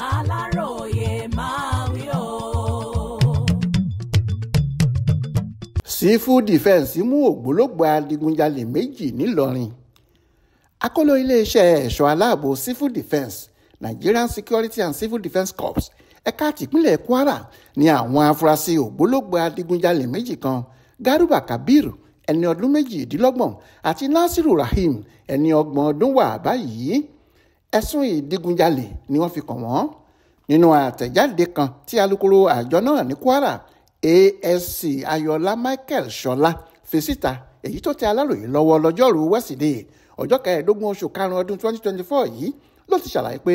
aláròye máa wí o. sífù dìfẹ́ǹsì mú ògbólógbòó adigunjalè méjì nìlọrin akọ́lọ́ iléeṣẹ́ ẹ̀ṣọ́ aláàbò civil defence Nigerian Security and Civil Defence Corps ẹ̀ka tìpínlẹ̀ Kwara ni àwọn afurasí ògbólógbòó adigunjalè méjì kan Garuba Kabir ẹni ọdún méjìdínlọ́gbọ̀n àti Nasiru Rahim ẹni ọgbọ̀n ọdún wà báyìí ẹ̀sùn ìdígunjalè ni wọ́n fi kàn wọ́n nínú àtẹ̀jáde kan tí alukoro àjọ náà ní Kwara ASC Ayọ̀lá Michael Ṣọlá fi síta èyí tó tẹ Aláròyé lọ́wọ́ lọ́jọ́rùú wẹ́sídẹ̀ẹ́ ọjọ́ kẹẹ̀ẹ́dógún oṣù karùn-ún ọdún 2024 yìí ló ti ṣàlàyé pé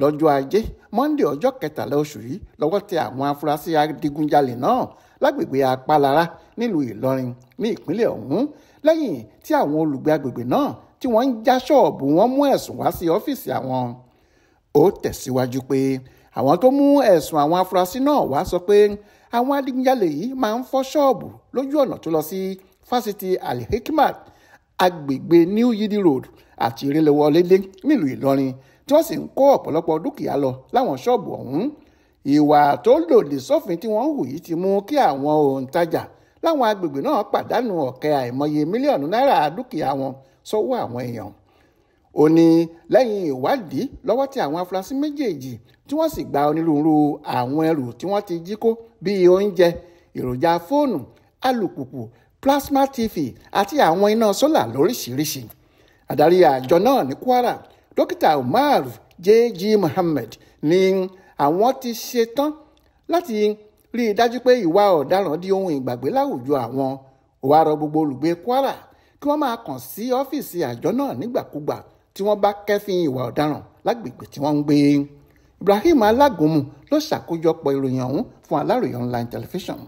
lọ́jọ́ ajé monde ọjọ́ kẹtàlá oṣù yìí lọ́wọ́ tẹ àwọn afurasí adigunjalè náà lágbègbè apálára nílùú Ìlọrin ní ìpínlẹ̀ ọ̀hún lẹ́yìn tí àwọn olùgbé agbègbè náà tí wọ́n ń já ṣọ́ọ̀bù wọn mú ẹ̀sùn wá sí ọ́fíìsì àwọn ó tẹ̀síwájú pé àwọn tó mú ẹ̀sùn àwọn afurasí náà wá sọ pé àwọn adigunjalè yìí máa ń fọ́ ṣọ́ọ̀bù lójú ọ̀nà tó lọ sí fásitì alhikmat agbègbè new yidi road àti ìrẹ̀lẹ̀wọlédè nílùú ìlọrin tí wọ́n sì ń kó ọ̀pọ̀lọpọ̀ dúkìá lọ láwọn ṣọ́ọ̀bù ọ̀hún ìwà tó lòdì sófin tí wọ́n ń hù yìí ti mú kí àwọn òǹtajà láwọn agbègbè náà pàdánù ọ̀kẹ́ àìmọye mílíọ̀nù náírà dúkìá wọn sọ́wọ́ àwọn èèyàn ó ní lẹ́yìn ìwádìí lọ́wọ́ tẹ àwọn afurasí méjèèjì tí wọ́n sì gba onírúurú àwọn ẹrù tí wọ́n ti jí kó bíi oúnjẹ èròjà fóònù alùpùpù plasma tv àti àwọn iná sólà lóríṣiríṣi adarí àjọ náà ní kwara dókítà umar jj mohammed ní àwọn ti ṣetán láti rí i dájú pé ìwà ọ̀daràn di ohun ìgbàgbé láwùjọ àwọn ó wá rọ gbogbo olùgbé Kwara kí wọ́n máa kàn sí ọ́fíìsì àjọ náà nígbàkúgbà tí wọ́n bá kẹ́fín ìwà ọ̀daràn lágbègbè tí wọ́n ń gbé Ibrahim Alágúnmu ló ṣàkójọpọ̀ ìròyìn ọ̀hún fún Aláròyé online television.